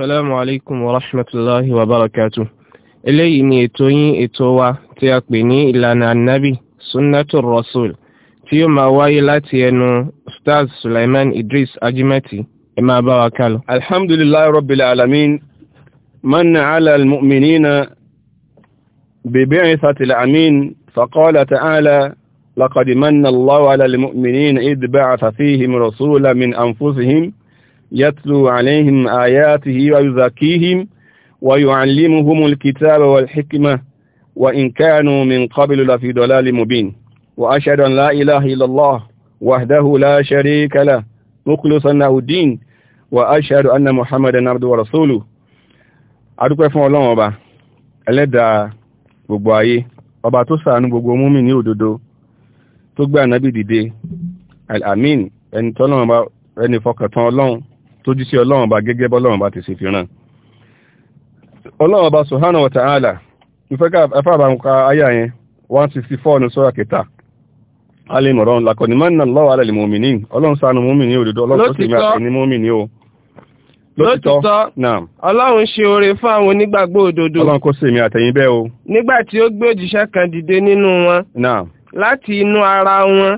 السلام عليكم ورحمة الله وبركاته إلي إني إتوي تيقبني إلا النبي سنة الرسول تيو ما واي لا أستاذ سليمان إدريس أجمتي إما باركالو الحمد لله رب العالمين من على المؤمنين ببعثة الأمين فقال تعالى لقد من الله على المؤمنين إذ بعث فيهم رسولا من أنفسهم يتلو عليهم آياته ويزكيهم ويعلمهم الكتاب والحكمة وإن كانوا من قبل لفي ضلال مبين وأشهد أن لا إله إلا الله وحده لا شريك له مخلصا له الدين وأشهد أن محمدا عبده ورسوله adúpẹ́ fún ọlọ́run ọba ẹlẹ́dàá gbogbo ayé ọba tó ṣàánú gbogbo múmi ní òdodo tó gbé ànábì dìde al-amin ẹni tọ́lọ́run ọba ẹni fọkàntán ọlọ́run tójú sí ọlọ́run bá gẹ́gẹ́ bọ́lọ́run bá ti ṣe fi rán ọlọ́run bá subhanahu wa ta'ala ìfẹ́kàfàbàǹkà ayà yẹn 164 ní sọ́rọ̀ kẹta alìmọ̀rán lakọ̀nìmọ́nà lọ́wọ́ alẹ́lẹ̀ mọ́mìnì ọlọ́run ṣàánú mọ́mìnì òdòdó ọlọ́run lótìtọ́ ọlọ́run ṣe oore fún àwọn onígbàgbọ́ òdodo ọlọ́run kó sèmi àtẹ̀yìn bẹ́ẹ̀ o nígbà tí ó gbé òjíṣẹ́ kan dìde nínú wọn láti inú ara wọn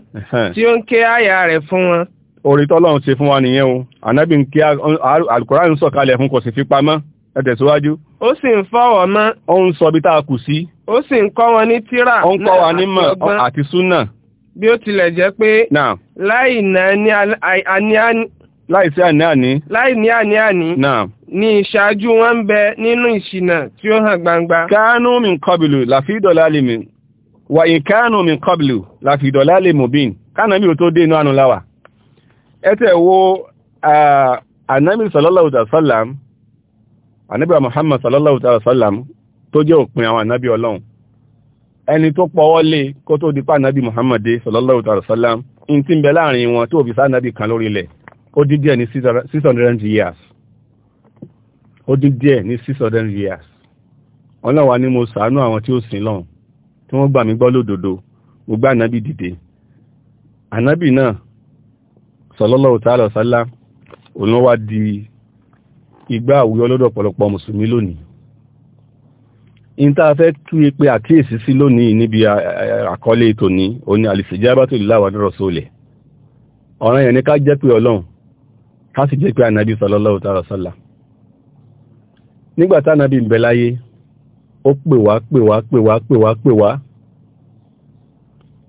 tí ó ń ké àyà rẹ̀ fún wọn orí tọ́lọ́run ṣe fún wa nìyẹn o ànábì ń kí alukọ́rá ń fún kò sì fi pamọ́ ẹ tẹ̀síwájú. ó sì ń mọ́. ó ń sọ bí tá a kù sí. ó sì ń kọ́ wọn ní tírà. ó ń kọ́ wa ní mọ̀ àti súnà. bí ó tilẹ̀ jẹ́ pé láì ní àní sí àní àní. láì ní àní àní. ní ìṣáájú wọn ń nínú ìṣìnà tí ó hàn gbangba. kánú mi kọbìlù ìdọ̀lá lè ẹ̀tẹ̀ wo anábì ah, sallallahu alaihi wasallam anábì Muhammad sallallahu alaihi wasallam tó jẹ́ òpin àwọn anábì ọlọ́run ẹni tó pọ̀wọ́ lé kó tó dípa anábì Muhammad sallallahu alaihi wasallam in ti ń bẹ láàrin wọn tó fi sá kan lori ilẹ̀ o dín díẹ̀ ní 600 years o dín díẹ̀ ní 600 years ọlọ́wà ni mo ṣàánú awon ti o sìn lọ́hùn tí wọ́n gbà mí gbọ́ lódodo mo gbà anábì dìde anábì sallallahu ta'ala sallam òun wá di igbá àwúyọ́ lọ́dọ̀ ọ̀pọ̀lọpọ̀ mùsùlùmí lónìí ìta fẹ́ tú ipe àkíyèsí sí lónìí níbi àkọlé ètò ní oní al ni ká jẹ́ pé ọlọ́run ká sì jẹ́ pé ànábì sallallahu ta'ala sallam nígbà tí ànábì ń bẹ láyé ó pè wá pè wá pè wá pè wá pè wá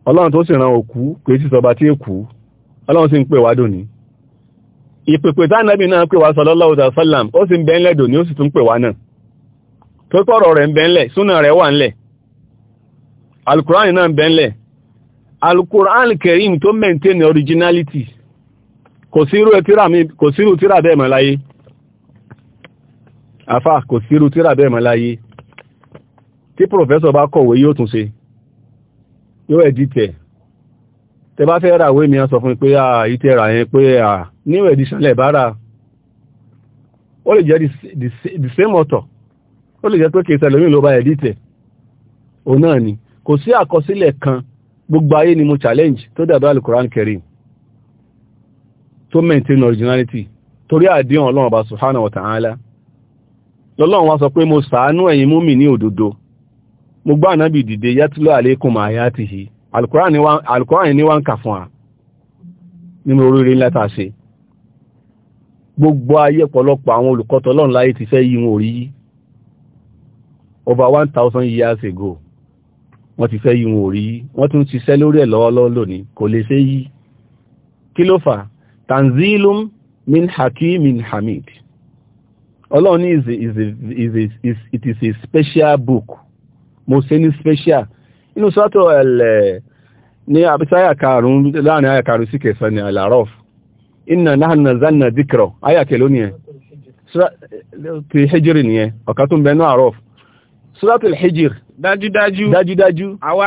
ọlọ́run tó sì ran òkú pé sísọba tí èkú ọlọ́run sì ń pè wá dòní ìpèpè tánàbì náà pè wá sallallahu alaihi wasallam ó sì ń bẹ́ńlẹ̀ dòní ó sì tún pè wá náà tó pọ̀rọ̀ rẹ̀ ń bẹ́ńlẹ̀ súnà rẹ̀ wà ńlẹ̀ alukurani náà ń bẹ́ńlẹ̀ alukurani kerim tó maintain originality kò sírú tíra bẹ́ẹ̀ mọ́ láyé àfà kò sírú tíra bẹ́ẹ̀ mọ́ láyé tí pòfẹ́sọ̀ bá kọ̀wé yóò tún ṣe yóò ẹ̀dítẹ̀ẹ́ tẹ bá fẹ́ ra ìwé mi sọ fún pé àyí tẹ ra yẹn pé à new edition lẹ̀ bá ra ó lè jẹ́ the same author ó lè jẹ́ pé kìí ṣẹlẹ̀ ló bá ẹ̀dítẹ̀ òun náà ni kò sí àkọsílẹ̀ kan gbogbo ayé ni mo challenge tó dàbí alukoran Karim tó maintain originality torí àdéhùn ọlọ́run ọba subhanahu wa ta'ala lọ́lọ́run wá sọ pé mo ṣàánú ẹ̀yin múmi ní òdodo mo gbá ànábì dìde yátúlọ́ àlékún màáyá tìhí alkùránì ní wá ń kà fún wa nínú oríire látà ṣe gbogbo ayé pọ̀lọpọ̀ àwọn olùkọ́tọ̀ lọ́n láyé ti fẹ́ yí wọn orí yí over 1000 years ago wọ́n ti fẹ́ yí wọn orí yí wọ́n tún ti ṣẹ́ lórí ẹ̀ lọ́wọ́lọ́wọ́ lónìí kò min hamid ọlọ́run is is is is, it is a special book mo ṣe ní special inú sọ́tọ̀ ẹ̀lẹ́ ni àbísáyà karùn-ún láàrin àyà karùn-ún sí inna nahnu zanna dhikra àyà kẹlò ní ẹ tí hijiri ní ẹ ọ̀ká tó ń bẹnú àrọ́f suratul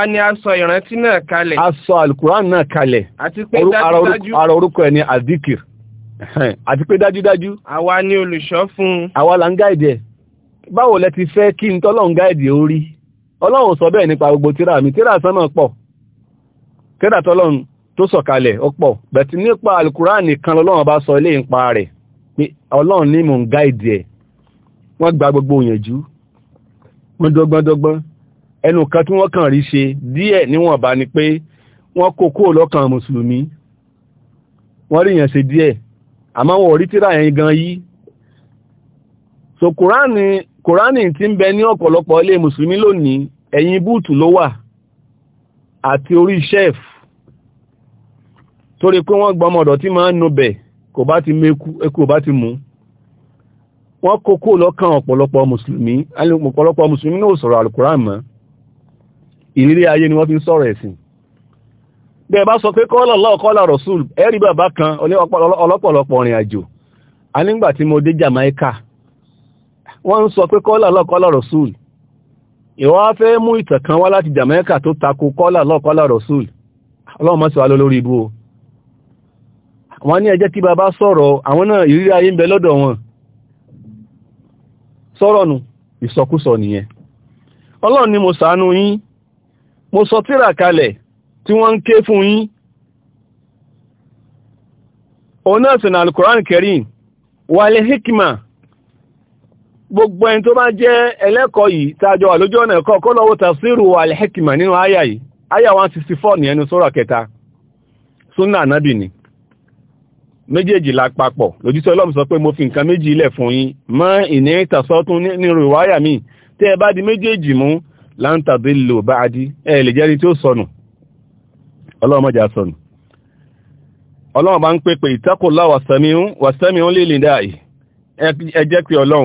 ni a sọ ìrántí kalẹ̀ a sọ alukuran náà kalẹ̀ àti pé dájúdájú ara orúkọ daju daju. ni olùṣọ́ fún ti fẹ́ kí n kẹ́dà tọ́lọ́run tó sọ̀kalẹ̀ ọ̀pọ̀ bẹ̀tí nípa alukurani kan lọ́lọ́run bá sọ ilé ìpa rẹ̀ pé ọlọ́run ní mò ń gáìdì ẹ̀ wọ́n gba gbogbo òyìnjú wọ́n ẹnu kan tí wọ́n kàn rí ṣe díẹ̀ ni pé wọ́n kó kó lọ́kàn mùsùlùmí wọ́n rí yẹn ṣe díẹ̀ àmọ́ so kùránì tí ń bẹ ní ọ̀pọ̀lọpọ̀ ilé mùsùlùmí lónìí ẹ̀yìn búùtù àti orí chef torí pé wọ́n gbọmọ ọ̀dọ̀ tí máa ń nubẹ̀ kò bá ti mẹ́kú ẹkù eh, bá ti mú wọ́n kókó lọ́kàn ọ̀pọ̀lọpọ̀ mùsùlùmí ọ̀pọ̀lọpọ̀ mùsùlùmí náà sọ̀rọ̀ alukùrán mọ́ ìrírí ayé ni wọ́n fi ń sọ̀rọ̀ ẹ̀sìn bẹ́ẹ̀ bá sọ pé kọ́lá Allah kọ́lá Rasul ẹ̀rí bàbá kan ọlọ́pọ̀lọpọ̀ rìn àjò a nígbà tí mo dé Jamaica wọ́n ń sọ pé Rasul ìwọ́n á fẹ́ mú ìtàn kan wá láti Jamaica tó tako kọ́là lọ́kọ́là Rasul ọlọ́mọ́sí wa lórí ibú o wọ́n ní ẹjẹ́ tí bàbá sọ̀rọ̀ àwọn náà ìrírí ayé ń bẹ lọ́dọ̀ wọn sọ̀rọ̀ nù ìsọkúsọ nìyẹn ọlọ́run ni mo sàánú yín mo sọ tírà kalẹ̀ tí wọ́n ń ké fún yín òun náà sì ní Al-Qur'an Karim wal hikma gbogbo ẹni tó bá jẹ́ ẹlẹ́kọ̀ọ́ yìí tàjọ wà lójú ọ̀nà ẹ̀kọ́ kó lọ́wọ́ tafsiru nínú àyà yìí àyà 164 ní ẹnu sọ́rọ̀ kẹta súnà nábì ni méjèèjì lápapọ̀ lójútọ́ ọlọ́run sọ pé mo fún yín mọ́ ìní nínú mi tẹ́ ẹ bá di méjèèjì mú lò bá ń pèpè láwàsẹ́mi ń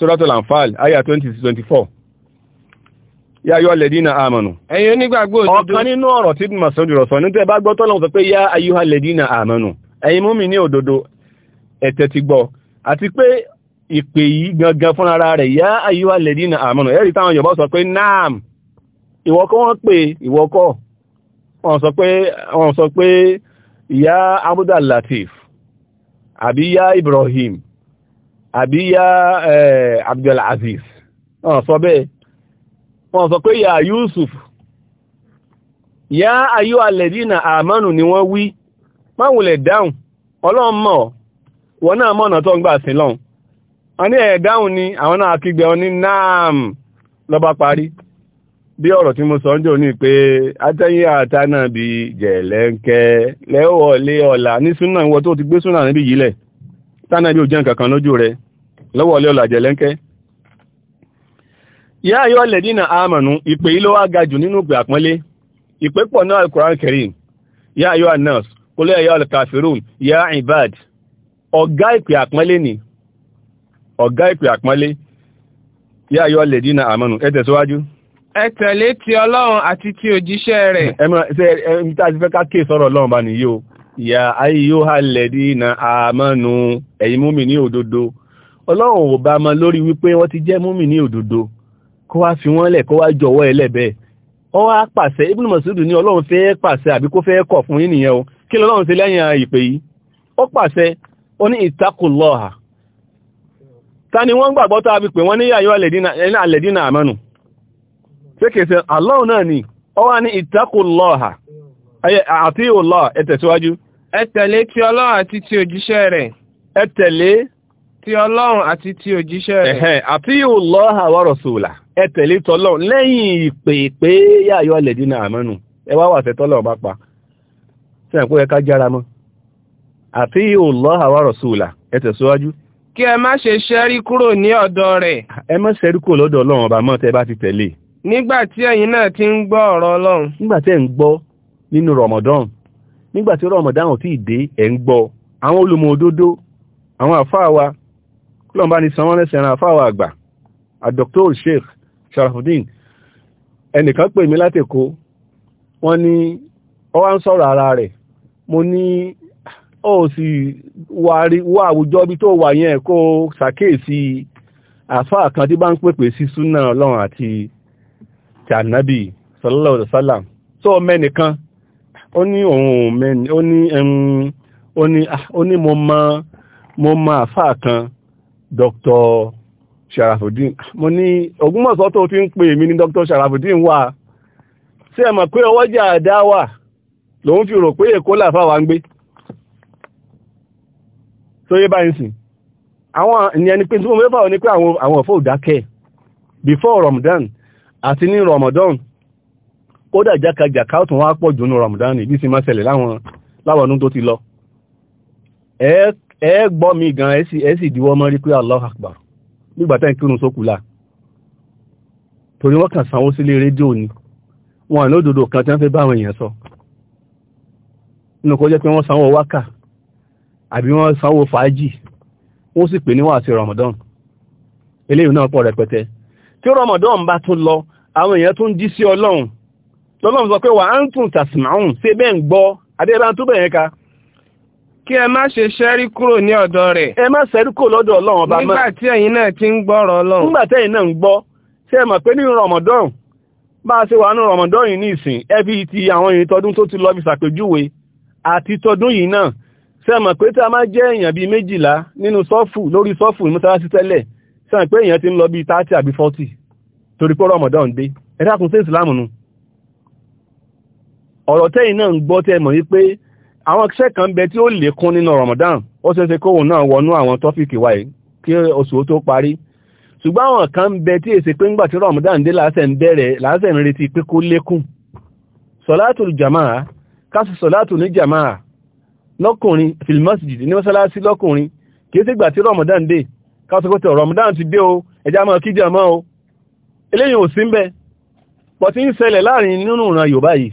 suratul anfal aya 2024 ya yọ lẹ́dínà àmànù ẹ̀yin onígbàgbọ́ òdodo ọ̀kan nínú ọ̀rọ̀ tí Mas'ud rọ̀ sọ ní tẹ́ bá gbọ́ tọ́lọ̀ sọ pé ya ayúhà lẹ́dínà àmànù ẹ̀yin mú mi ní òdodo ẹ̀tẹ̀ ti gbọ́ àti pé ìpè yìí gangan fúnra rẹ̀ ya ayúhà lẹ́dínà àmànù ẹ̀rí táwọn Yorùbá sọ pé naam ìwọ́kọ́ wọ́n pè ìwọ́kọ́ wọ́n sọ pé ya Abdul Latif àbí ya Ibrahim àbí ya eh, Abdul Aziz sọ bẹ́ẹ̀ wọ́n sọ pé ya Yusuf ya ayú alẹ́dínà àmánù ni wọ́n wí máwùlẹ̀ dáhùn ọlọ́run mọ̀ wọ́n náà mọ̀nà tó ń gbà sí lọ́hùn wọ́n ní ẹ dáhùn ni àwọn náà kígbẹ̀ wọn ní naam lọ́ba parí bí ọ̀rọ̀ tí mo sọ ń jò ní pé atẹ́yìn àtà náà bí jẹ̀lẹ́ńkẹ́ lẹ́wọ̀ọ́lé ọ̀la ní súnà ìwọ tó ti gbé súnà níbi yìí lẹ̀ tánàbí ò jẹ́ nǹkan kan lójú rẹ̀ lọ́wọ́ ilé ọ̀làjẹ̀ lẹ́ńkẹ́ yá ayọ́ lẹ́dínà àmọ̀nù ìpè yìí ló nínú ìpè àpọ́nlé ìpè pọ̀ náà Al-Qur'an yá ayọ́ anas kólé kafirun yá ibad ọ̀gá ìpè àpọ́nlé ni ọ̀gá ìpè àpọ́nlé yá ayọ́ lẹ́dínà àmọ̀nù ẹ tẹ̀síwájú ẹ tẹ̀lé ti ọlọ́run àti ti òjíṣẹ́ rẹ̀ ẹ̀mí ya ayi amanu ẹ̀yin múmi ní òdodo ọlọ́run ò bá mọ lórí wípé ti jẹ́ múmi ní òdodo kó fi ọ wá pàṣẹ Ibn Mas'ud ni ọlọ́run fẹ́ pàṣẹ àbí kó fẹ́ kọ̀ fún yín nìyẹn o kí lọ́lọ́run ṣe lẹ́yìn ìpè yìí ó pàṣẹ ó ní ittaqullaha ta ni wọ́n bi pe a fi pè wọ́n ní amanu alẹ́dínà Allah na ni ọ wá ní ẹ tí ti ọlọ́run àti ti òjíṣẹ́ rẹ̀. ẹ ti ọlọ́run àti ti òjíṣẹ́ rẹ̀. ẹ̀hẹ̀ àti tọlọ́run lẹ́yìn ìpè pé yáyọ dínà àmọ́nù. ẹ wá tọlọ́run bá pa ká jára mọ́ àti ẹ tẹ̀síwájú. kí ẹ má ṣe ṣẹ́rí kúrò ní ọ̀dọ̀ rẹ̀. ẹ tẹ́ nígbàtí Ramadan ò tíì dé ẹ̀ ń gbọ́ àwọn olùmọ̀ òdodo àwọn àfáà wa kúlọ̀mbá ni sanwọ́n lẹ́sẹ̀ ẹran àfáà wa àgbà àdọ́kítọ́rù Sheikh Sharafuddin ẹnìkan pè mí láti Èkó wọ́n ní ó wá ń sọ̀rọ̀ ara rẹ̀ mo ní ó sì wà àwùjọ bí tó wà yẹn kó ṣàkíyèsí àfáà kan tí bá ń pèpè sí súnà Ọlọ́run àti tànàbì sallallahu alaihi wasallam tó mẹ́nìkan ó ní òun mẹ́ni ó ní ó ní ah, ó ní mo mọ mo mọ àfáà kan dr sharafudin mo ní Ògbómọ̀ṣọ́ tó fi ń pè mí ní dr sharafudin wà sí ẹ̀mọ̀ pé ọwọ́jà àdá wà lòun fi rò pé èkó làfáà wà ń gbé tó yé báyìí sìn àwọn ìyẹn ni pé tí mo mẹ́fà ní pé àwọn ọ̀fọ́ òdákẹ́ before Ramadan àti ní Ramadan kódà jákàjàká ó tún wá pọ̀ jù ní ramadani bí sí máa ṣẹlẹ̀ láwọn ọdún tó ti lọ ẹ gbọ́ mi gan ẹ sì diwọ́ mọ́ rí pé allah akbar nígbàtá ìkírun sókùlá torí wọ́n kàn sanwó sílé rédíò ni wọn àná òdòdó kan tí wọ́n fẹ́ bá àwọn èèyàn sọ ramadan eléyìí náà pọ̀ rẹpẹtẹ tí ramadan bá tún lọ àwọn èèyàn tún jí sí ọlọ́run lọ́lọ́run sọ pé wà á ń tún tàṣìmáhùn sí bẹ́ẹ̀ ń gbọ́ adébá tó bẹ̀rẹ̀ ka kí ẹ má ṣe ṣẹ́rí kúrò ní ọ̀dọ̀ rẹ̀ ẹ má ṣẹ́rí kúrò lọ́dọ̀ ọlọ́run ọba mọ́ nígbà tí ẹ̀yin náà ti ń gbọ́rọ̀ ọlọ́run nígbà tí ẹ̀yin náà ń gbọ́ ṣe mọ̀ pé ní rọmọdọ́n bá a ṣe wà ní rọmọdọ́n yìí ní ìsìn ẹ fi ti àwọn ìrìn tọdún tó ti lọ fi ṣàpèjúwe àti tọdún yìí náà ṣe mọ̀ pé tí a máa jẹ́ èèyàn bíi méjìlá nínú sọ́fù lórí sọ́fù ní tẹ́lẹ̀ ṣe mọ̀ pé èèyàn ti ń lọ bíi thirty àbí forty torí pé rọmọdọ́n dé ẹ dákun sí ìsìlámù nu ọ̀rọ̀ tẹ́yìn náà ń gbọ́ tẹ́ mọ̀ wípé àwọn iṣẹ́ kan bẹ tí ó lékún nínú Ramadan ó ṣeéṣe kóhùn náà wọnú àwọn tọ́fíìkì wa yìí kí oṣù tó parí ṣùgbọ́n àwọn kan ń bẹ tí èsì pé tí Ramadan dé láṣẹ ń bẹ̀rẹ̀ láṣẹ ń retí pé kó lékún sọ̀látù jàmáà kásù sọ̀látù ní jàmáà lọ́kùnrin fìlmọ́sìdì ní mọ́sálásí lọ́kùnrin kìí sí ìgbà tí Ramadan dé kásọ̀kọ́tọ̀ Ramadan ti dé o ẹjá máa kí jàmáà o eléyìn ò sí ń bẹ pọ̀ tí ń ṣẹlẹ̀ láàrin nínú ìran Yorùbá yìí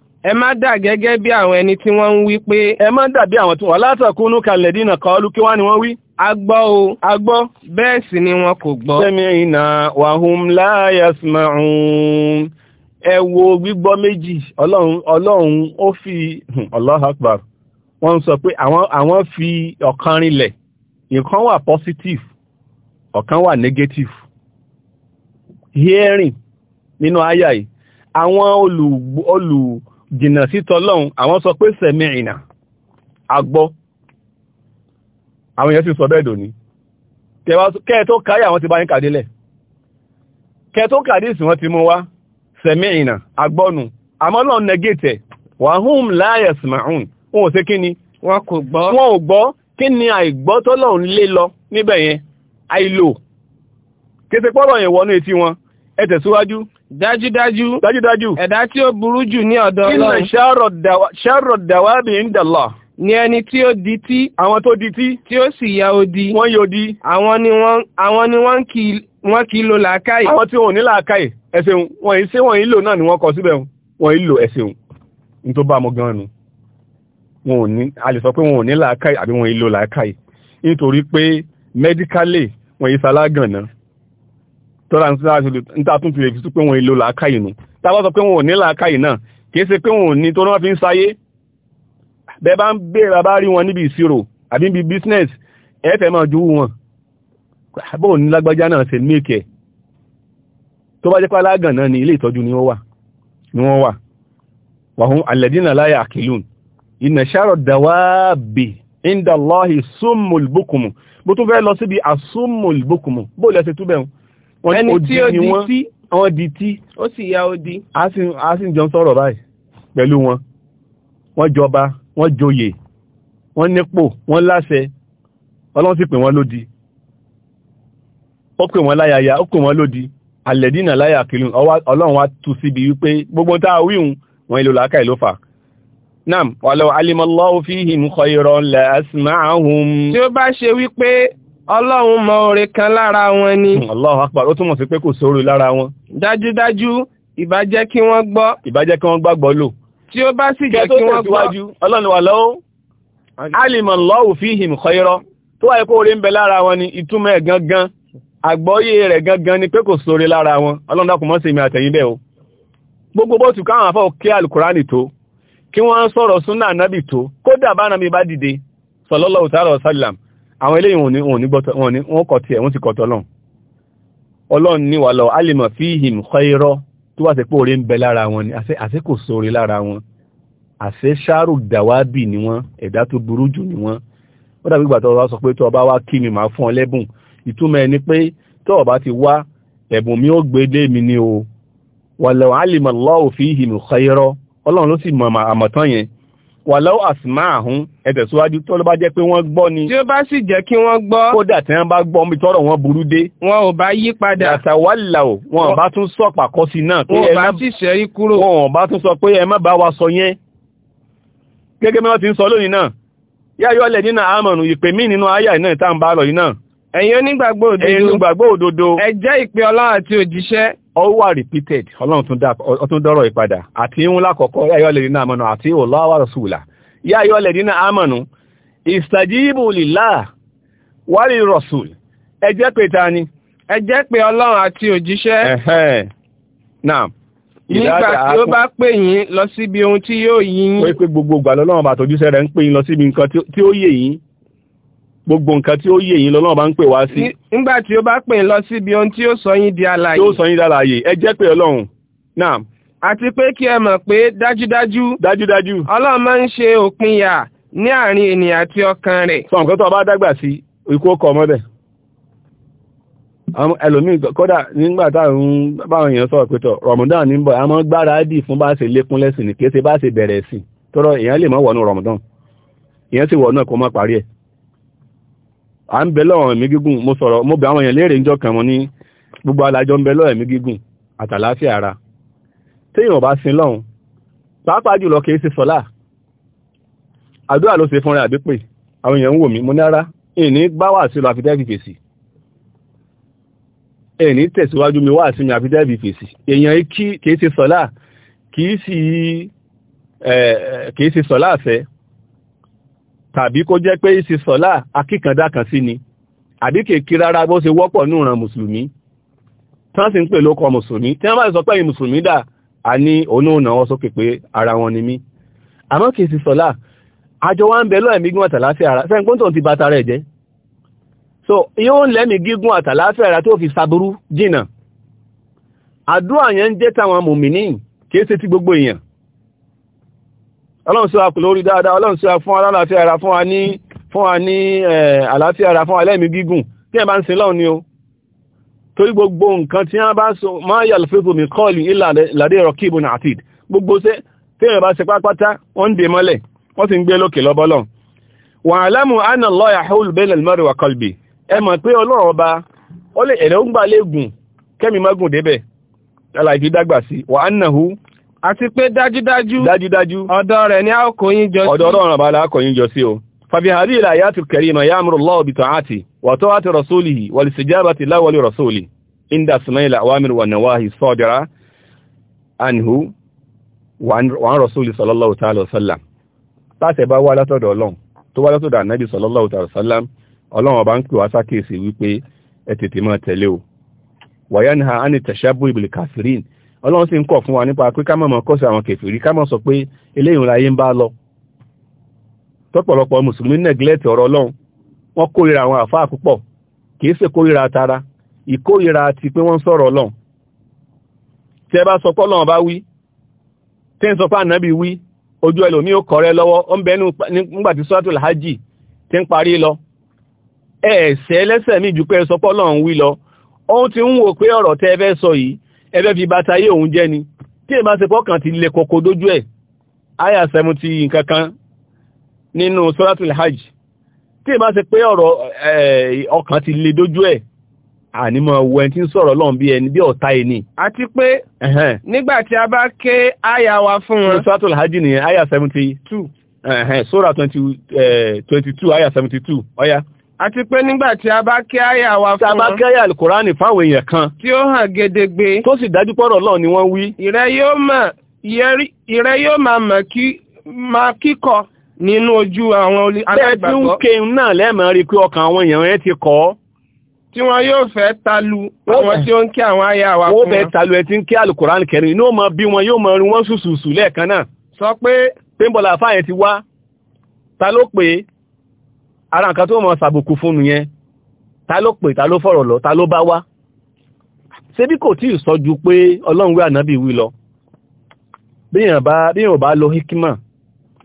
ẹ má dà gẹ́gẹ́ bí àwọn ẹni tí wọ́n ń wí pé. ẹ má dàbí àwọn tí wọ́n látàkúnú kalẹ̀ dínà kọlu kí wá ni wọ́n wí. a gbọ́ o. a gbọ́. bẹ́ẹ̀ sì ni wọn kò gbọ́. sẹ́mi iná wàhùn láyàsímàún. ẹ wo gbígbọ́ méjì ọlọ́run ọlọ́run ó fi Allahu Akbar wọ́n sọ pé àwọn àwọn fi ọ̀kan rinlẹ̀ nǹkan wà positive ọ̀kan wà negative hearing nínú àyà yìí àwọn olù olù jìnnà sí tọ́lọ́hun àwọn sọ pé sẹ̀mí ìnà agbọ́ àwọn èèyàn sì sọ bẹ́ẹ̀ dòní kẹ́ẹ̀ tó káyà àwọn ti bá ń kàdílẹ̀ kẹ́ẹ̀ tó kàdísì wọ́n ti mú wá sẹ̀mí ìnà agbọ́nu àmọ́ lọ́n negate wà hùm láyẹ̀sìmáhùn wọn ò sí kí ni wọn kò gbọ́ wọn ò gbọ́ kí ni àìgbọ́ tọ́lọ́hun lé lọ níbẹ̀ àìlò kése yẹn wọnú etí wọn ẹ tẹ̀síwájú. dájúdájú. dájúdájú. ẹ̀dá tí ó burú jù ní ọ̀dọ̀ Ọlọ́run. inna sharra dawabi inda Allah. ni ẹni tí ó di tí. àwọn tó di tí. tí ó sì ya odi. wọ́n yóò di. àwọn ni wọ́n àwọn ni wọ́n kì wọ́n kì í lo làákàyè. àwọn tí wọn ò ní làákàyè ẹ̀sìn wọ́n yìí ṣé wọ́n yìí lò náà ni wọ́n kọ síbẹ̀ wọ́n yìí lò ẹ̀sìn ní tó bá mọ gan-an nu. wọn ò ní a lè sọ pé wọn ò ní làákàyè àbí wọn yìí lò làákàyè nítorí pé mẹ́díkálì wọn yìí ṣalágànnà tọ́ra ń sára ṣèlú níta tún fi lè fi sí pé wọn èlò làákàyè nù tábà sọ pé wọn ò ní làákàyè náà kìí ṣe pé wọn ò ní tó náà fi ń sáyé bẹ́ẹ̀ bá ń béèrè bá rí wọn níbi ìṣirò àbí níbi business ẹ fẹ́ máa jowú wọn bó ní lágbájá náà ṣe méèkì ẹ̀ tó bá jẹ́ pé alágàn náà ni ilé ìtọ́jú ni wọ́n wà ni wọ́n wà wàhún alẹ́dínà láyà àkìlún ìnà ṣàrọ̀ dàwáàbì indallahi súnmùlbùkùmù bó tún fẹ́ lọ síbi àsúnmùlbùkùmù bó lẹ́sẹ̀ túbẹ̀ ẹni tí ó di tí wọ́n di tí ó sì ya ó di a sì jọ sọ̀rọ̀ báyìí pẹ̀lú wọn wọ́n jọba wọ́n joyè wọ́n nípò wọ́n láṣẹ ọlọ́run sì pè wọ́n lódi ó pè wọ́n láyàyà ó pè wọ́n lódi àlẹ̀dínà láyà kìlú ọlọ́run wá tú síbi wípé gbogbo tá a wíhun wọn ìlò làákà ìlú fà nam walaw alimallahu fihim khayran la asma'ahum tí ó bá ṣe wípé ọlọ́run mọ oore kan lára wọn ni. Allahu Akbar ó túmọ̀ sí pé kò sóore lára wọn. dájúdájú ìbá jẹ́ kí wọ́n gbọ́. ìbá jẹ́ kí wọ́n gbàgbọ́ lò. tí ó bá sì jẹ́ kí wọ́n gbọ́. ọlọ́run wà lọ́wọ́ alima Allahu fihim khayra tó wáyé kó oore ń bẹ lára wọn ni ìtumọ̀ ẹ̀ gangan àgbọ́yé rẹ̀ gangan ni pé kò sóore lára wọn ọlọ́run dákun mọ́ mi àtẹ̀yìn o gbogbo bó tù káwọn afọ́ kí alukurani tó kí wọ́n sọ̀rọ̀ súnà nábì tó kódà àwọn eléyìn wọn ní gbọ́tọ̀ wọn ní wọ́n kọ̀ tí ẹ̀ wọ́n ti kọ̀tọ̀ lọ́n ọlọ́run ní wà lọ alìmọ̀ fi him khairo tó wà sí pé oore ń bẹ lára wọn ni àṣẹ kò sóore lára wọn àṣẹ ṣáàrù dàwábì ni wọ́n ẹ̀dá tó burú jù ni wọ́n ó dàbí ìgbà tó ọba sọ pé tó ọba wá kí mi máa fún ọ lẹ́bùn ìtumọ̀ ẹni pé tó ọba ti wá ẹ̀bùn mi ó gbé dé mi ni o wà lọ alìmọ̀ lọ́ọ̀ fi him khairo ọlọ́run ló sì mọ̀ àmọ̀tán yẹn wàláwò àsìmá àhún ẹ̀tẹ̀síwájú tó ló bá jẹ́ pé wọ́n gbọ́ ni. tí ó bá sì jẹ́ kí wọ́n gbọ́. kódà tí wọ́n bá gbọ́ omi tọrọ wọn burú dé. wọn ò bá yí padà. yàtà wàlà o wọn bá tún sọ pàkọ́sí náà. wọn ò bá sì ṣẹ́rí kúrò. wọn bá tún sọ pé ẹ má bá wa sọ yẹn. gẹ́gẹ́ bí wọ́n ti ń sọ lónìí náà. yáyọ lẹ̀ nínú àmọ̀nù ìpè mí nínú àyà náà tá à ń bá lọ yìí náà. ẹ̀yin onígbàgbọ́ òdodo. ẹ̀yin onígbàgbọ́ òdodo. ẹ jẹ́ ìpè Ọlọ́run àti òjíṣẹ́ ó wà repeated ọlọ́run dọ́rọ̀ ìpadà àti ìhun lákọ̀ọ́kọ́ àti òláwà rọ̀sùlà yá ayọ́ lẹ́dínà àmọ́nù ìsàjíìbù lìlá wárí rọ̀sùl pé ọlọ́run àti òjíṣẹ́ nígbà tí ó bá pè yín lọ síbi ohun tí yóò yí bá gbogbo nǹkan tí ó yé lọ lọ́lọ́run bá ń pè wá sí. nígbà tí ó bá pè ń lọ síbi ohun tí ó sọ yín di alààyè. tí ó sọ yín di ẹ jẹ́ pé ọlọ́run náà. àti pé kí ẹ mọ̀ pé dájúdájú. dájúdájú. ọlọ́run máa ń ṣe òpinya ní àárín ènìyàn àti ọkàn rẹ̀. sọ nǹkan tó dàgbà sí ikú ẹlòmíì kódà à ń bẹ lọ́wọ́ ẹ̀mí gígùn mo sọ̀rọ̀ mo bẹ àwọn èèyàn léèrè níjọ́ kan mo ní gbogbo alájọ ń bẹ lọ́wọ́ ẹ̀mí gígùn àtàláfíà ara téèyàn bá sin lọ́hùn pàápàá jùlọ kìí ṣe sọ́lá àdúrà ló ṣe fúnra àbí pé àwọn èèyàn ń wò mí mo ní ara ìní bá wà sí lọ àfitẹ́ẹ̀bì fèsì ìní tẹ̀síwájú mi wà sí mi àfitẹ́ẹ̀bì fèsì èèyàn kìí ṣe sọ́lá kìí ṣe sọ́lá àfẹ́ tàbí kó jẹ́ pé ìsì sọ́lá akíkàndá kan sí ni àbí kèkí rárá bó ṣe wọ́pọ̀ ní ìran mùsùlùmí tán sì ń pè lókọ mùsùlùmí tí wọ́n bá sọ pé mùsùlùmí dà a ní onóònà wọn sókè pé ara wọn ni mí àmọ́ kì í sì sọ́lá àjọ wa ń bẹ lọ́ẹ̀mí gígùn àtàláfẹ́ ara fẹ́ gbọ́n tó ti bá tara ẹ̀ jẹ́ so yóò lẹ́mí gígùn àtàláfẹ́ ara tó fi saburú jìnà àdúrà yẹn ń jẹ́ táwọn mùmìnì kì í ṣe ti gbogbo èèyàn ọlọ́run sí wa pẹ̀lú orí dáadáa ọlọ́run sí wa fún aláàfíà ara fún wa ní fún wa ní àlàáfíà ara fún alẹ́mí gígùn tí ẹ bá ń sin lọ́run ni o torí gbogbo nǹkan tí wọ́n bá sọ máa yà lọ́fẹ́fẹ́ mi kọ́ọ̀lì ilà làdé rọ̀kìbù ní àtìd gbogbo ṣe tí ẹ bá ṣe pápátá wọ́n ń dè mọ́lẹ̀ wọ́n sì ń gbé lókè lọ́bọ́lọ́ wà á lámù àná lọ́ọ̀yà hul bẹ́ẹ̀ lẹ́mọ́rì wà kọ́lbì ẹ mọ̀ pé ọlọ́run ọba ó lè ẹ̀rọ ń gbà lẹ́gùn kẹ́mi mọ́gùn débẹ̀ alàìfi dágbà sí wà á nàhú àti pé dájúdájú dájúdájú ọ̀dọ̀ rẹ̀ ni a jọ sí ọ̀dọ̀ ọ̀rọ̀ bá kò jọ sí o fàbíhàrí ìlàyàtù kẹrìmà ya mú lọ́wọ́ bí tààtì wà tó wáti rasúlì wà lè sèjábà ti láwọlé rasúlì inda sumaila awamir wa nawahi sọ́dara anhu wa rasúlì sallallahu ta'ala wasallam láti bá wá látọ̀dọ̀ ọlọ́run tó wá látọ̀dọ̀ ànábì sallallahu ta'ala wasallam ọlọ́run ọba ń pè wá sákèsì wípé ẹ máa tẹ̀lé o wàyánha á ní tẹ̀ṣábù ìbìlì kàfírìn ọlọ́run sì ń kọ̀ fún wa nípa pé ká mọ̀mọ̀ kọ́sí àwọn kèfèrí ká mọ̀ sọ pé eléyìí láyé ń bá lọ tọ́pọ̀lọpọ̀ mùsùlùmí nẹ̀gílẹ̀tì ọ̀rọ̀ ọlọ́run wọ́n kórìíra àwọn àfáà púpọ̀ kìí ṣe kórìíra tara ìkórìíra ti pé wọ́n ń sọ̀rọ̀ ọlọ́run tí ẹ bá sọ pé ọlọ́run bá wí tí ń sọ pé ànábì wí ojú ẹlòmíì ó kọ̀rẹ́ lọ́wọ́ ó ń bẹ nígbà tí suratul hajj ti ń parí lọ ẹ̀ẹ̀sẹ̀ ẹlẹ́sẹ̀ mi jù pé ẹ sọ pé ọlọ́run wí lọ ohun tí ń wò pé ọ̀rọ̀ tẹ́ fẹ́ sọ yìí ẹbẹ́ fi bàtà ayé òun jẹ́ ni tí èyí bá pọ́kàn ti lè kòkó dójú ẹ̀ àyà 70 nǹkan kan nínú hajj tí èyí bá pé ọ̀rọ̀ ọkàn ti lè dójú ẹ̀ ànímọ̀ wo ẹni tí ń sọ̀rọ̀ lọ́n bí ẹni bí ọ̀tá ẹni. àti pé nígbà tí a bá ké àyà wa fún wọn. hajj nìyẹn àyà àyà two ọ̀yà. àti pé nígbà tí a bá kí àyà wa fún wọn. tí a bá kí àyà alukurani fáwọn èèyàn kan. tí ó hàn gedegbe. tó sì dájú pọ̀rọ̀ Ọlọ́run ni wọ́n wí. ìrẹ yóò máa mọ̀ kí máa kíkọ nínú ojú àwọn alágbàgbọ́. bẹ́ẹ̀ tí ń kéun náà lẹ́ẹ̀mọ́ rí i pé ọkàn àwọn èèyàn yẹn ti kọ́ tí wọn yóò fẹ́ talu àwọn tí ó ń kí àwọn àyà wa fún wọn. wọ́n fẹ́ talu ẹ ti ń kí alukurani kẹrin inú ọmọ bí wọn yóò mọ rin wọn sùsùsù lẹ́ẹ̀kan náà. sọ pé. pé ń ti wá ta ló pè é ara nǹkan tó mọ̀ sàbùkù fún nìyẹn ta ló pè ta ló fọ̀rọ̀ lọ ta ló bá wá ṣe bí kò tí ì sọ ju pé ọlọ́run wí ànábì wí lọ bíyàn bá lo hikima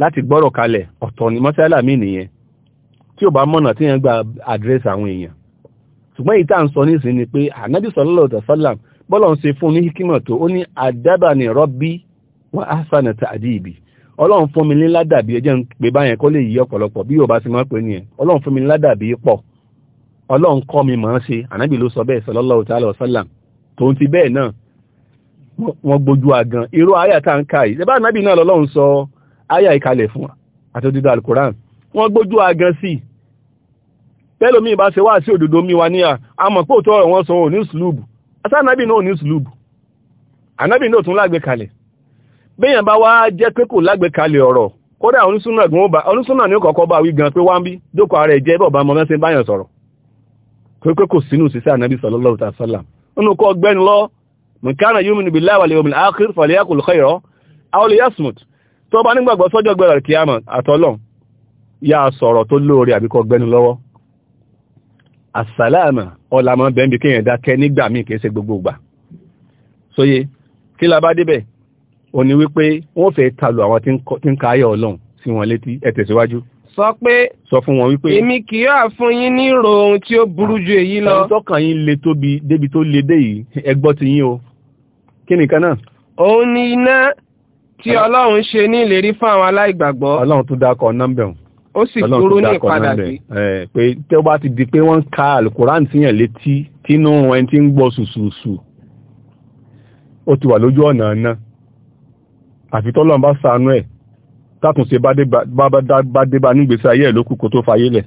láti gbọ́rọ̀ kalẹ̀ ọ̀tọ̀ ni mọ́sálà mí nìyẹn tí ò bá mọ̀nà tí yẹn gba àdírẹ́sì àwọn èèyàn ṣùgbọ́n ìta ń sọ nísìn ni pé ànábì sallallahu alaihi wasallam bọ́lọ̀ ń ṣe fún ní hikima tó ó ní àdábà ní rọ́bí wa ahsana ta'dibi ọlọ́run fún mi ní ládàbí ẹjẹ́ ń pè báyẹn kó lè yí ọ̀pọ̀lọpọ̀ bí yóò bá ti máa pè nìyẹn ọlọ́run fún mi ní ládàbí pọ̀ ọlọ́run kọ́ mi máa ṣe ànábì ló sọ bẹ́ẹ̀ sallallahu ta'ala wa sallam tó ń ti bẹ́ẹ̀ náà wọ́n gbójú àgàn irú àyà tá ń ka yìí ṣẹ́bá ànábì náà lọ́lọ́run sọ àyà ìkalẹ̀ fún àti òdodo alukoran wọ́n gbójú àgàn sí tẹ́lómi ìbá ṣe wá sí òdodo mi wa níyà àmọ̀ pé òtọ́ ọ̀rọ̀ wọn sọ òní sùlùbù àti ànábì náà òní sùlùbù ànábì náà tún lágbé kalẹ̀ béèyàn bá wá jẹ́ pé kò lágbèkalẹ̀ ọ̀rọ̀ kódà onísúnà gan ọba onísúnà ní kọ̀ọ̀kọ́ bá wí gan pé wá ń bí jókòó ara ẹ̀ jẹ́ bọ̀bá ọmọ mẹ́sìn báyàn sọ̀rọ̀ pé pé kò sínú sísẹ́ ànábì sallallahu ta'ala sallam nínú kọ́ ọgbẹ́ni lọ mùkánà yuminu billahi wal liyasmut tó bá nígbàgbọ́ sọ́jọ́ gbẹ̀rẹ̀ kíyàmà àtọ́lọ̀ yá sọ̀rọ̀ tó lóore àbíkọ́ ọgbẹ́ni lọ́wọ́ àsàlámà ọ̀làmọ́ bẹ́ẹ̀ bí kéèyàn dákẹ́ nígbà míì kìí ṣe gbogbo gbà sóye kí la bá débẹ̀ ó ní wípé wọ́n fẹ́ tàlù àwọn tí ń ka ayọ̀ ọlọ́run sí wọn létí ẹ tẹ̀síwájú. sọ pé sọ fún wọn wípé. èmi kì yóò fún yín ní ìrò ohun tí ó burú ju èyí lọ. ẹni tọ́kàn yín le tóbi débi tó le dé yìí ẹ gbọ́ ti yín o kí nìkan náà. òun ni iná tí ọlọ́run ṣe ní ìlérí fún àwọn aláìgbàgbọ́. ọlọ́run tún dákọ̀ nọ́mbẹ̀ hùn ó sì kúrú ní ìpadà sí. pé tí ó bá ti di pé wọ́n ń ka alukoran síyàn létí tínú ẹni tí ń gbọ́ sùsùsù ó ti wà lójú ọ̀nà náà àfi tọ́lọ́n bá sànú ẹ̀ tátúnṣe bá débà nígbèsí ayé ẹ̀ lókù kó tó fayé lẹ̀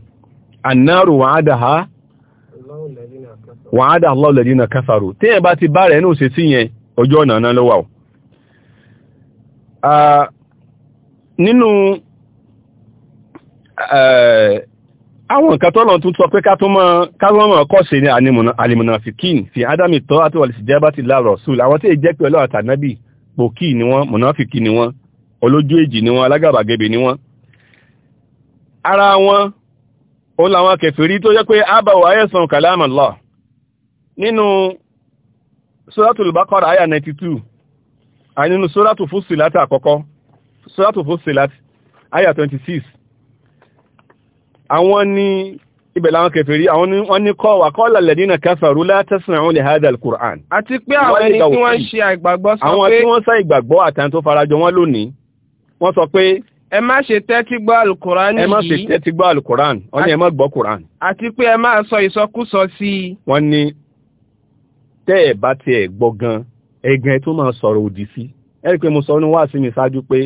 annáàrù wàádàá Allahu alladhina kafaru tí ẹ̀ bá ti bá rẹ̀ ní òṣèṣí yẹn ọjọ́ ọ̀nà náà lọ́wọ́ ah, nínú eh, àwọn nǹkan tọ́lọ̀ tún sọ pé káàmọ́ kọ́sì ní alìmọ̀nà fikin fi adami tọ́ àti wàlìsìjẹ́ bá ti láàrọ̀ sùl àwọn tí è jẹ́ pẹ̀lú àtànábì pòkì ni wọ́n mọ̀náfìkì ni wọ́n olójú èjì ni wọ́n alágàbàgebè ni wọ́n ara wọn ó làwọn kèfèrí tó jẹ́ pé àbàwò ayẹ́sàn kalam Allah nínú suratul Baqara àyà 92 àti nínú suratul Fussilat àkọ́kọ́ suratul Fussilat àyà 26 àwọn ni ibẹ̀ láwọn kèfèrí àwọn wọ́n ní kọ́ wàkọ́lá lẹ́dínà káfàrú látẹ́sìnàún lè hádà al-Qur'an. àti pé àwọn ẹni tí wọ́n ṣe àìgbàgbọ́ sọ pé àwọn tí wọ́n sá ìgbàgbọ́ àtàn tó farajọ lónìí wọ́n sọ pé ẹ má ṣe pé ẹ sọ ní tẹ́ sí mi ṣáájú pé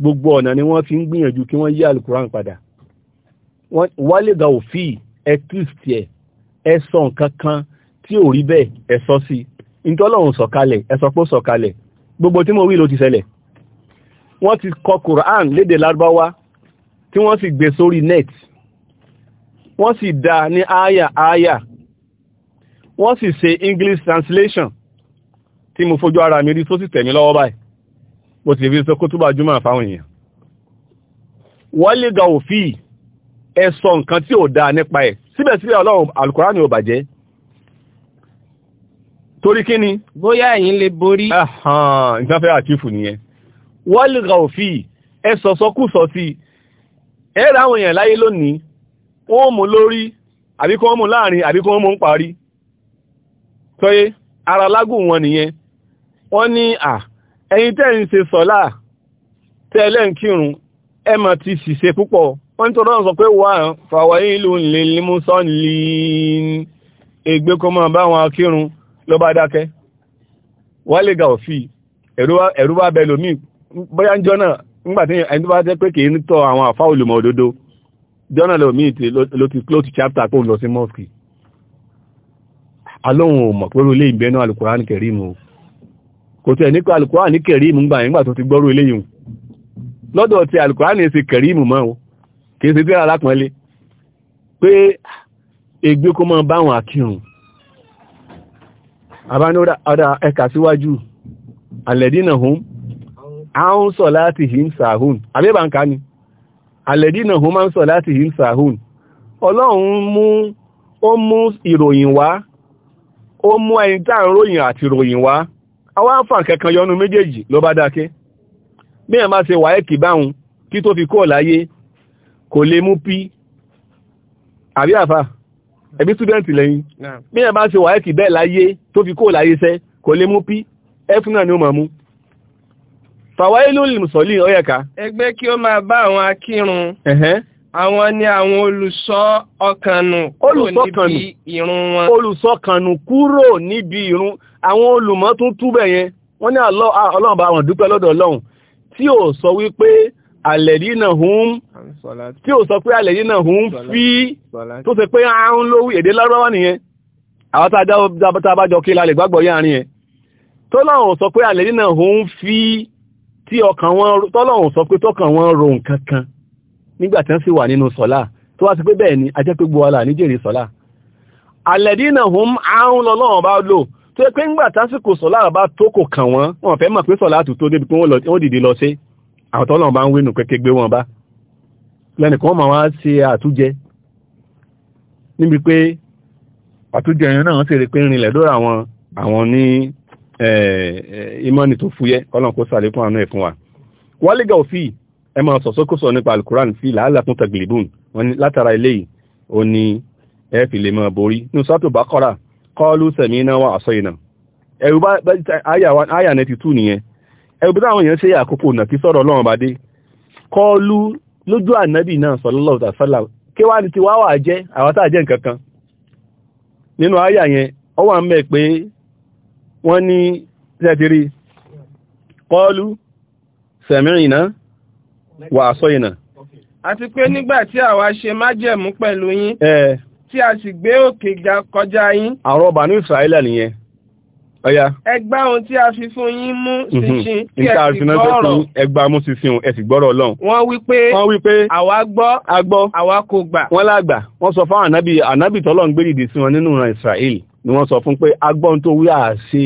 gbogbo ọ̀nà ni wọ́n fi ń gbìyànjú kí wọ́n yí al padà wálé ga òfì ẹ twist ẹ ẹ sọ nǹkan kan tí ò rí bẹ́ẹ̀ ẹ sọ sí i ntọ́lọ́run sọ̀kalẹ̀ ẹ sọ pé ó sọ̀kalẹ̀ gbogbo tí mo wí ló ti ṣẹlẹ̀ wọ́n ti kọ Quran léde lárúbáwá tí wọ́n sì gbé sórí net wọ́n sì dá ní aya aya wọ́n sì ṣe English translation tí mo fojú ara mi rí tó sì tẹ̀mí lọ́wọ́ báyìí mo sì rí sọ kó túbà júmọ̀ fáwọn èèyàn wọ́n lè ga òfin ẹ sọ nǹkan tí ò dáa nípa ẹ̀ síbẹ̀síbẹ̀ ọlọ́run alukurani ò bàjẹ́ torí kí ni bóyá ẹ̀yin lè borí nǹkan fẹ́ àtìfù nìyẹn wọ́n lè ra òfì ẹ sọ̀sọ́kùsọ sí ẹ ra àwọn èèyàn láyé lónìí wọ́n mú lórí àbí kí wọ́n mú láàrin àbí kí wọ́n mú ń parí tọ́yé ara lágùn wọn nìyẹn wọ́n ní à ẹ̀yin tẹ́ ń ṣe sọ́lá tẹ́lẹ̀ ń kírun ẹ mà ti ṣìṣe púpọ̀ wọ́n tó rán sọ pé wà fàwàílù lil musallin ègbé kó máa bá wọn akírun ló bá dákẹ́ wà lè ga òfì ẹ̀rú bá bẹ lómi bóyá ń jọ́nà nígbàtí ẹni tó bá jẹ́ pé kìí tọ́ àwọn àfá olùmọ̀ òdodo jọ́nà lómi ló ti close chapter pé òun lọ sí mosque alóhun ò mọ̀ pẹ̀lú ilé ìbẹ́nú alùkùránì kẹrìmù kò tẹ̀ nípa alùkùránì kẹrìmù gbà nígbà tó ti gbọ́rú ilé yìí lọ́dọ̀ ti alùkùránì ṣe kẹrìmù mọ́ kìí ṣe tíra lápọ̀ẹ́lé pé ègbé kó mọ́ báwọn àkírùn àbánúdá ẹka síwájú alẹ́dínà hún áhùn sọ láti hìm sàhún àbẹ́bànká ni alẹ́dínà hún máa ń sọ láti hìm sàhún ọlọ́run mú ó mú ìròyìn wá ó mú ẹni tá ń ròyìn àti ìròyìn wá àwọn àǹfàn kẹkàn yọnu méjèèjì ló bá dáké bí ẹ̀ máa ṣe wáyé kì báhun kí tó fi kó láyé kò lè mú pí àbí àfà ẹbí túdẹ́ǹtì lẹ́yìn bí ẹ bá ṣe wà ẹ́kì bẹ́ẹ̀ láyé tó fi kó láyé sẹ́ kò lè mú pí ẹfún náà ni ó máa mú fàwa ilú ìmùsọ̀lì ọyẹ̀ká ẹgbẹ́ kí ó máa bá àwọn akírun àwọn ni àwọn olùṣọ́ ọkànnù kúrò níbi ìrun wọn olùṣọ́ ọkànnù kúrò níbi ìrun àwọn olùmọ̀ tún túbẹ̀ yẹn wọ́n ní ah, ọlọ́run bá wọn lọ́dọ̀ ọlọ́run tí ò sọ wípé àlẹ̀dínà hùn tí ò sọ pé alẹ̀ yìí náà hùn fí tó ṣe pé àrùn lówí èdè lárúbáwá nìyẹn àwọn tá a bá jọ kí lálẹ́ gbàgbọ́ yá àárín yẹn tọ́lọ́run sọ pé alẹ̀ yìí náà hùn fí tí ọkàn wọn tọ́lọ́run sọ pé tọ́kàn wọn ro nǹkan kan nígbà tí wọ́n sì wà nínú sọ́lá tó wá sí pé bẹ́ẹ̀ ni ajẹ́ pé gbọ́ ọlà níjèrè sọ́lá alẹ̀ yìí náà hùn àrùn lọ́lọ́run bá lò tó yẹ pé ńgbà tásìkò sọ́lá bá tó kò kàn wọ́n wọn fẹ́ mọ̀ pé sọ́lá tó débi pé wọ́n dìde lọ sí àwọn tọ́lọ́run bá ń wénu pé kégbé wọn bá lẹ́nìkan ma wá ṣe àtújẹ níbi pé àtújẹ yẹn náà ṣe rí pé rinlẹ̀ lórí àwọn àwọn ní ìmọ́ni tó fúyẹ́ ọlọ́run kó sàlékún àánú ẹ̀ fún wa wálégà òfì ẹ máa sọ̀sọ́kòsọ̀ nípa alukuran fi làálà fún taglibun wọn ni látara eléyìí ó ní ẹ fi lè máa borí ní sọ́tò bákọ́rà kọ́ọ̀lù sẹ̀mínà wà àṣọ ìnà ẹ̀rù bá àyà nẹ́tì tù nìyẹn ẹ̀rù bí táwọn èèyàn ṣe àkókò nà kí sọ̀rọ̀ ọlọ́run bá dé kọ́ọ̀lù lójú ànábì náà sallallahu alaihi kí wá ní ti wá wà jẹ́ àwọn jẹ́ nǹkan nínú àyà yẹn ó wà ń bẹ̀ pé wọ́n ní sẹ́tìrí qalu sami'na wa asoyna àti pé nígbà tí àwà ṣe pẹ̀lú yín tí a sì gbé òkè kọjá ọba ní ọ̀yá. ẹgbà ohun tí a fi fún yín mú ṣinṣin kí ẹ sì gbọ́rọ̀. ẹgbà mú ṣinṣin ẹ sì gbọ́rọ̀ ọlọ́run. wọ́n wí pé wọ́n wí pé àwa gbọ́ agbọ́ àwa kò gbà. wọ́n lágbà wọ́n sọ fún ànábì ànábì tọ́lọ́run gbé dìde sí wọn nínú ìran Israel ni wọ́n sọ fún pé agbọ́n tó wí àṣe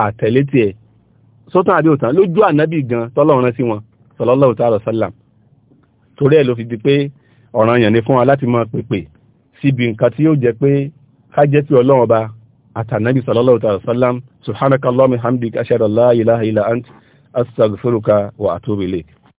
àtẹ̀lé tiẹ̀ sọ́tàn àbí òtàn lójú ànábì gan tọ́lọ́run rán sí wọn sallallahu ta'ala sallam torí ẹ̀ ló fi di pé ọ̀ranyàn ni fún wa láti máa pèpè síbi nǹkan tí yóò jẹ́ pé أتى النبي صلى الله عليه وسلم سبحانك اللهم وبحمدك أشهد أن لا إله إلا أنت أستغفرك وأتوب إليك